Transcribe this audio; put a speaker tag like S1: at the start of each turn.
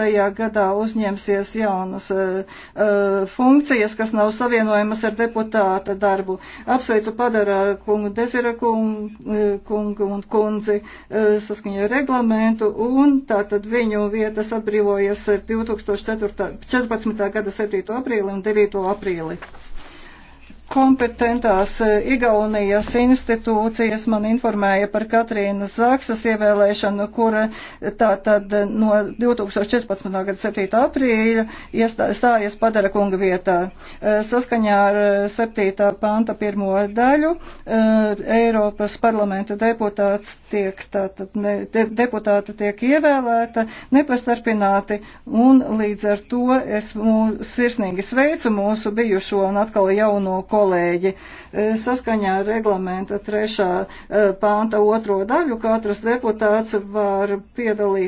S1: tajā gadā uzņemsies jaunas uh, funkcijas, kas nav savienojamas ar deputāta darbu. Apsveicu padarā kungu Dezira kungu, e, kungu un kundzi uh, saskaņā reglamentu un tātad viņu vietas atbrīvojas 2014. gada 7. aprīli un 9. aprīli kompetentās eh, Igaunijas institūcijas man informēja par Katrīnas Zaksas ievēlēšanu, kura eh, tā tad eh, no 2014. gada 7. aprīļa iestājies padara kunga vietā. Saskaņā ar 7. panta pirmo daļu Eiropas parlamenta deputāts tiek, tātad, ne, de, deputāta tiek ievēlēta nepastarpināti un līdz ar to es mūs, sirsnīgi sveicu mūsu bijušo un atkal jauno kolēģi kolēģi. E, saskaņā ar reglamenta trešā e, panta otro daļu katrs deputāts var piedalīties